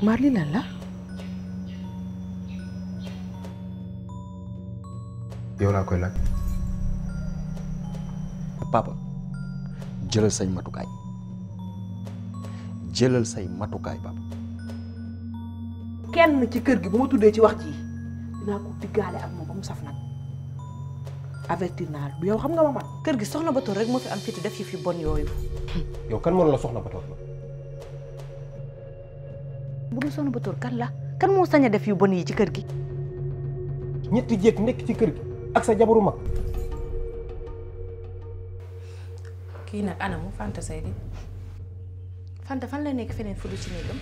maar lii lan la. yow laa koy laaj. papa jëlal say matukaay jëlal say matukaay papa. kenn ci kër gi bu ma tuddee ci wax ji dinaa ko diggaale ak moom ba mu saf nag avertir naa yow xam nga ma man kër gi soxna Batoor rek moo fi am fii def yi fi bon yooyu. yow kan moo la soxna Batoor bu dul soxna Batoor kan la kan mo saña def yu bon yi ci kër gi. ñetti jek nek ci kër gi ak sa jabaru ki nak ana mu fantasy di Fanta fan la nek feneen fu du ci néegam.